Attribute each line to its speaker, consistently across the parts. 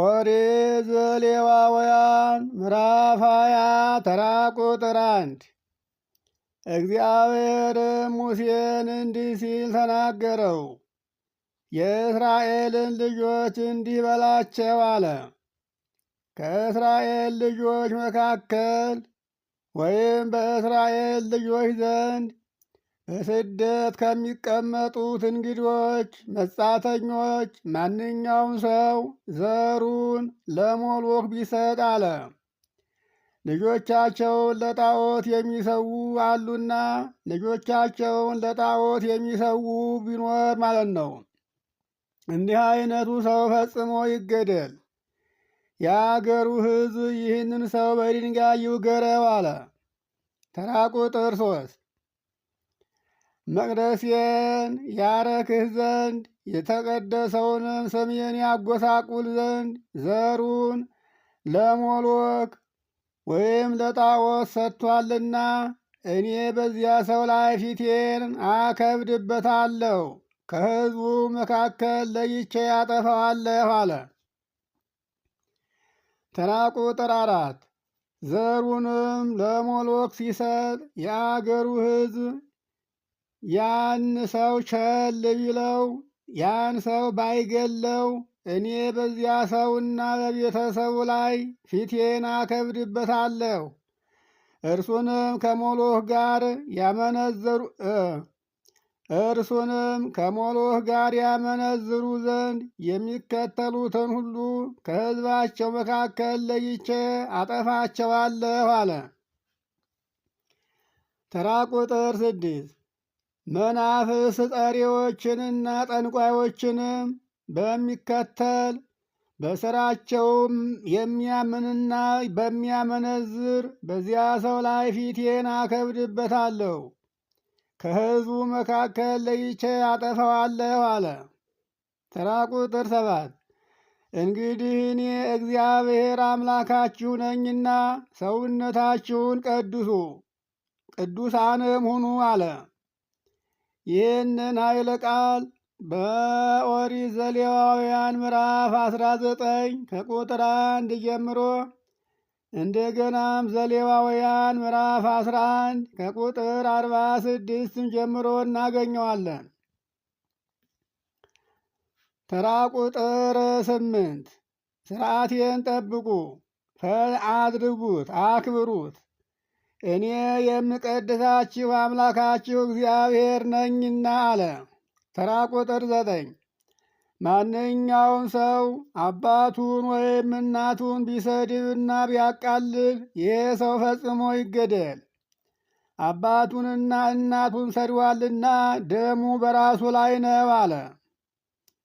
Speaker 1: ኦሪት ዘሌዋውያን ምዕራፍ ሃያ ተራ ቁጥር አንድ እግዚአብሔርም ሙሴን እንዲህ ሲል ተናገረው። የእስራኤልን ልጆች እንዲህ በላቸው አለ። ከእስራኤል ልጆች መካከል ወይም በእስራኤል ልጆች ዘንድ በስደት ከሚቀመጡት እንግዶች መጻተኞች ማንኛውም ሰው ዘሩን ለሞሎክ ቢሰጥ አለ። ልጆቻቸውን ለጣዖት የሚሰዉ አሉና ልጆቻቸውን ለጣዖት የሚሰዉ ቢኖር ማለት ነው። እንዲህ አይነቱ ሰው ፈጽሞ ይገደል። የአገሩ ሕዝብ ይህንን ሰው በድንጋይ ይውገረው አለ። ተራ ቁጥር ሶስት መቅደሴን ያረክህ ዘንድ የተቀደሰውንም ስሜን ያጎሳቁል ዘንድ ዘሩን ለሞሎክ ወይም ለጣዖት ሰጥቷልና እኔ በዚያ ሰው ላይ ፊቴን አከብድበታለሁ፣ ከሕዝቡ መካከል ለይቼ ያጠፋዋለሁ አለ። ተራ ቁጥር አራት ዘሩንም ለሞሎክ ሲሰጥ የአገሩ ሕዝብ ያን ሰው ቸል ቢለው ያን ሰው ባይገለው እኔ በዚያ ሰውና በቤተሰቡ ላይ ፊቴን አከብድበታለሁ። እርሱንም ከሞሎህ ጋር ያመነዘሩ እርሱንም ከሞሎህ ጋር ያመነዝሩ ዘንድ የሚከተሉትን ሁሉ ከሕዝባቸው መካከል ለይቼ አጠፋቸዋለሁ አለ። ተራ ቁጥር ስድስት መናፍስ ጠሪዎችንና ጠንቋዮችንም በሚከተል በሥራቸውም የሚያምንና በሚያመነዝር በዚያ ሰው ላይ ፊቴን አከብድበታለሁ፣ ከሕዝቡ መካከል ለይቼ አጠፋዋለሁ አለ። ተራ ቁጥር ሰባት እንግዲህ እኔ እግዚአብሔር አምላካችሁ ነኝና ሰውነታችሁን ቀድሱ፣ ቅዱሳንም ሁኑ አለ። ይህንን ኃይለ ቃል በኦሪት ዘሌዋውያን ምዕራፍ 19 ከቁጥር አንድ ጀምሮ እንደገናም ዘሌዋውያን ምዕራፍ 11 ከቁጥር 46 ጀምሮ እናገኘዋለን። ተራ ቁጥር 8 ስርዓቴን ጠብቁ፣ አድርጉት፣ አክብሩት እኔ የምቀድሳችሁ አምላካችሁ እግዚአብሔር ነኝና አለ። ተራ ቁጥር ዘጠኝ ማንኛውም ሰው አባቱን ወይም እናቱን ቢሰድብና ቢያቃልል ይሄ ሰው ፈጽሞ ይገደል። አባቱንና እናቱን ሰድዋልና ደሙ በራሱ ላይ ነው አለ።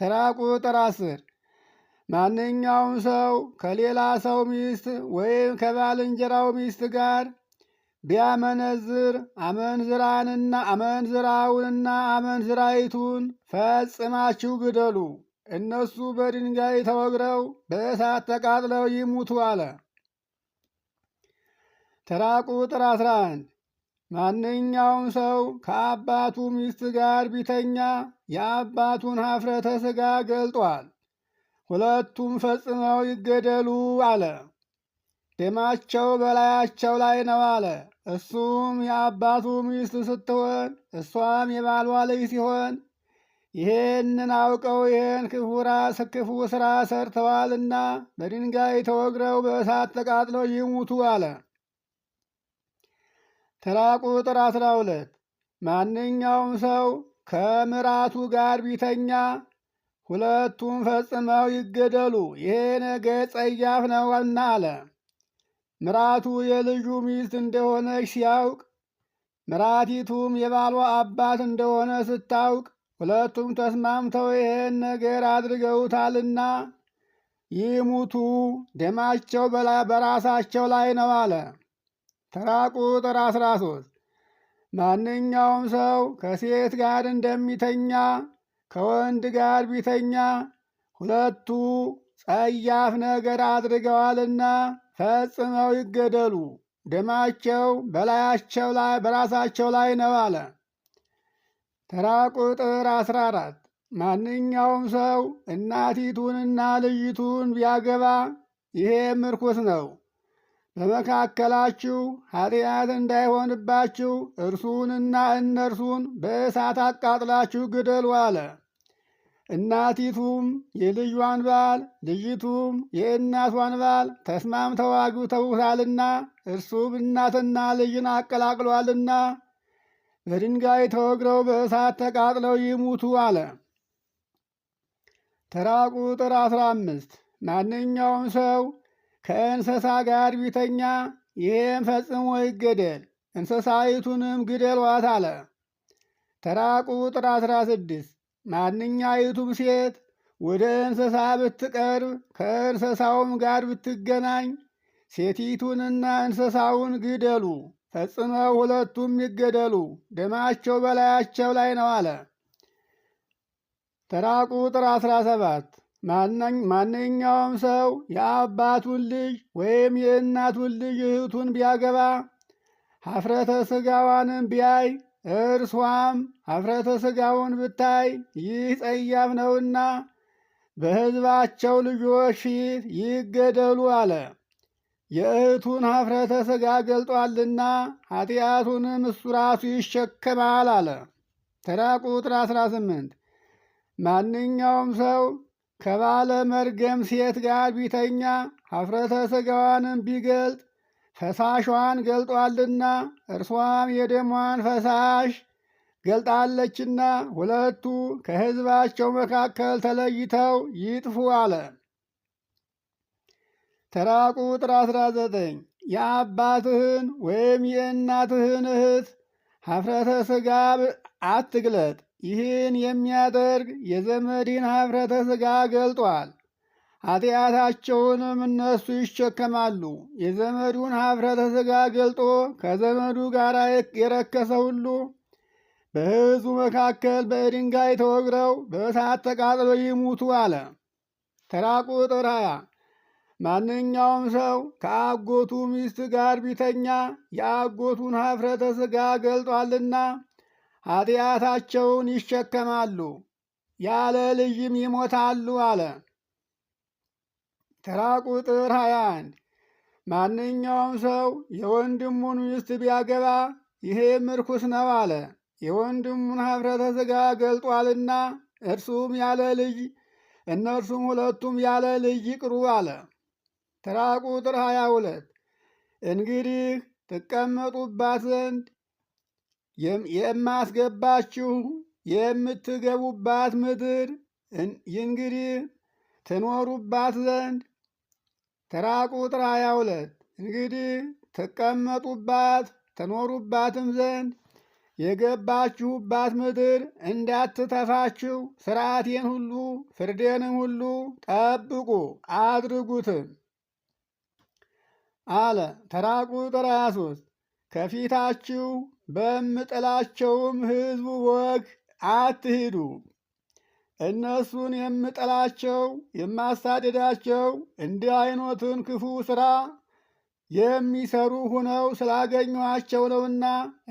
Speaker 1: ተራ ቁጥር አስር ማንኛውም ሰው ከሌላ ሰው ሚስት ወይም ከባልንጀራው ሚስት ጋር ቢያመነዝር አመንዝራንና አመንዝራውንና አመንዝራይቱን ፈጽማችሁ ግደሉ፣ እነሱ በድንጋይ ተወግረው በእሳት ተቃጥለው ይሙቱ አለ። ተራ ቁጥር 11 ማንኛውም ሰው ከአባቱ ሚስት ጋር ቢተኛ የአባቱን ሀፍረተ ሥጋ ገልጧል፣ ሁለቱም ፈጽመው ይገደሉ አለ። ደማቸው በላያቸው ላይ ነው አለ። እሱም የአባቱ ሚስት ስትሆን እሷም የባሏ ልጅ ሲሆን ይሄንን አውቀው ይህን ክፉ ሥራ ሰርተዋልና በድንጋይ ተወግረው በእሳት ተቃጥለው ይሙቱ አለ። ተራ ቁጥር አስራ ሁለት ማንኛውም ሰው ከምራቱ ጋር ቢተኛ ሁለቱም ፈጽመው ይገደሉ፣ ይሄ ነገር ጸያፍ ነውና አለ። ምራቱ የልጁ ሚስት እንደሆነች ሲያውቅ ምራቲቱም የባሏ አባት እንደሆነ ስታውቅ ሁለቱም ተስማምተው ይህን ነገር አድርገውታልና ይሙቱ፣ ደማቸው በራሳቸው ላይ ነው አለ። ተራ ቁጥር 13 ማንኛውም ሰው ከሴት ጋር እንደሚተኛ ከወንድ ጋር ቢተኛ ሁለቱ ጸያፍ ነገር አድርገዋልና ፈጽመው ይገደሉ፣ ደማቸው በላያቸው ላይ በራሳቸው ላይ ነው አለ። ተራ ቁጥር 14 ማንኛውም ሰው እናቲቱንና ልጅቱን ቢያገባ ይሄ ምርኩስ ነው። በመካከላችሁ ኃጢአት እንዳይሆንባችሁ እርሱንና እነርሱን በእሳት አቃጥላችሁ ግደሉ አለ። እናቲቱም የልጇን ባል ልጅቱም የእናቷን ባል ተስማምተው አግብተውታልና እርሱም እናትና ልጅን አቀላቅሏልና በድንጋይ ተወግረው በእሳት ተቃጥለው ይሙቱ አለ። ተራ ቁጥር አስራ አምስት ማንኛውም ሰው ከእንስሳ ጋር ቢተኛ ይህም ፈጽሞ ይገደል፣ እንስሳይቱንም ግደሏት አለ። ተራ ቁጥር አስራ ስድስት ማንኛይቱም ሴት ወደ እንስሳ ብትቀርብ ከእንስሳውም ጋር ብትገናኝ ሴቲቱንና እንስሳውን ግደሉ፣ ፈጽመው ሁለቱም ይገደሉ፣ ደማቸው በላያቸው ላይ ነው አለ። ተራ ቁጥር 17 ማንኛውም ሰው የአባቱን ልጅ ወይም የእናቱን ልጅ እህቱን ቢያገባ ሀፍረተ ስጋዋንም ቢያይ እርሷም ኀፍረተ ሥጋውን ብታይ ይህ ጸያፍ ነውና በሕዝባቸው ልጆች ፊት ይገደሉ አለ። የእህቱን ኀፍረተ ሥጋ ገልጧልና ኃጢአቱንም እሱ ራሱ ይሸከማል አለ። ተራ ቁጥር 18 ማንኛውም ሰው ከባለ መርገም ሴት ጋር ቢተኛ ኀፍረተ ሥጋዋንም ቢገልጥ ፈሳሿን ገልጧልና እርሷም የደሟን ፈሳሽ ገልጣለችና ሁለቱ ከሕዝባቸው መካከል ተለይተው ይጥፉ አለ። ተራ ቁጥር 19 የአባትህን ወይም የእናትህን እህት ሀፍረተ ሥጋ አትግለጥ። ይህን የሚያደርግ የዘመድን ሀፍረተ ሥጋ ገልጧል። ኃጢአታቸውንም እነሱ ይሸከማሉ። የዘመዱን ሀፍረተ ሥጋ ገልጦ ከዘመዱ ጋር የረከሰ ሁሉ በሕዝቡ መካከል በድንጋይ ተወግረው በእሳት ተቃጥለው ይሙቱ አለ። ተራ ቁጥር ሃያ ማንኛውም ሰው ከአጎቱ ሚስት ጋር ቢተኛ የአጎቱን ሀፍረተ ሥጋ ገልጧልና ኃጢአታቸውን ይሸከማሉ፣ ያለ ልጅም ይሞታሉ አለ። ተራ ቁጥር 21 ማንኛውም ሰው የወንድሙን ሚስት ቢያገባ ይሄ ምርኩስ ነው አለ። የወንድሙን ሀፍረተ ሥጋ ገልጧልና እርሱም ያለ ልጅ እነርሱም ሁለቱም ያለ ልጅ ይቅሩ አለ። ተራ ቁጥር 22 እንግዲህ ትቀመጡባት ዘንድ የማስገባችሁ የምትገቡባት ምድር እንግዲህ ትኖሩባት ዘንድ ተራ ቁጥር ሀያ ሁለት እንግዲህ ትቀመጡባት ትኖሩባትም ዘንድ የገባችሁባት ምድር እንዳትተፋችሁ ስርዓቴን ሁሉ ፍርዴንም ሁሉ ጠብቁ አድርጉትም አለ። ተራ ቁጥር 23 ከፊታችሁ በምጥላቸውም ሕዝቡ ወግ አትሂዱ። እነሱን የምጠላቸው የማሳደዳቸው እንዲህ አይነቱን ክፉ ሥራ የሚሰሩ ሁነው ስላገኟቸው ነውና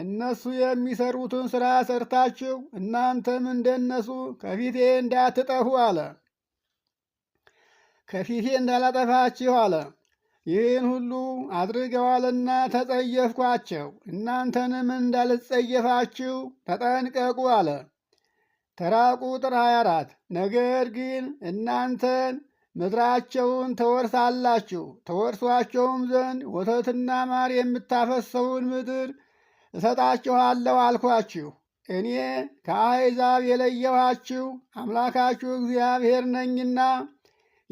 Speaker 1: እነሱ የሚሰሩትን ሥራ ሰርታችሁ እናንተም እንደነሱ ከፊቴ እንዳትጠፉ አለ። ከፊቴ እንዳላጠፋችሁ አለ። ይህን ሁሉ አድርገዋልና ተጸየፍኳቸው፣ እናንተንም እንዳልጸየፋችሁ ተጠንቀቁ አለ። ተራ ቁጥር 24 ነገር ግን እናንተን ምድራቸውን ተወርሳላችሁ ተወርሷቸውም ዘንድ ወተትና ማር የምታፈሰውን ምድር እሰጣችኋለሁ አልኳችሁ። እኔ ከአሕዛብ የለየኋችሁ አምላካችሁ እግዚአብሔር ነኝና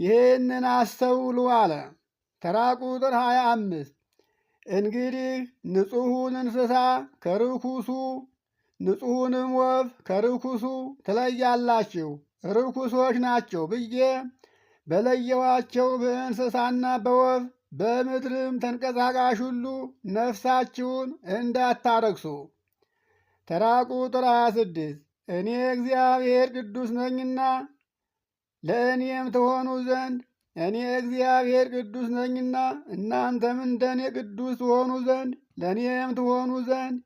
Speaker 1: ይህንን አስተውሉ አለ። ተራ ቁጥር 25 እንግዲህ ንጹሑን እንስሳ ከርኩሱ ንጹሕንም ወፍ ከርኩሱ ትለያላችሁ፣ ርኩሶች ናቸው ብዬ በለየዋቸው በእንስሳና በወፍ በምድርም ተንቀሳቃሽ ሁሉ ነፍሳችሁን እንዳታረክሱ። ተራ ቁጥር 26 እኔ እግዚአብሔር ቅዱስ ነኝና ለእኔም ትሆኑ ዘንድ እኔ እግዚአብሔር ቅዱስ ነኝና እናንተም እንደኔ ቅዱስ ትሆኑ ዘንድ ለእኔም ትሆኑ ዘንድ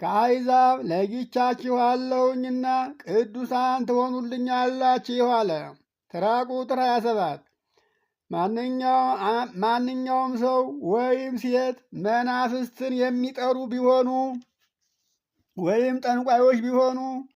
Speaker 1: ከአሕዛብ ለይቻችኋለሁኝና ቅዱሳን ትሆኑልኛላችሁ አለ። ተራ ቁጥር 27 ማንኛውም ሰው ወይም ሴት መናፍስትን የሚጠሩ ቢሆኑ ወይም ጠንቋዮች ቢሆኑ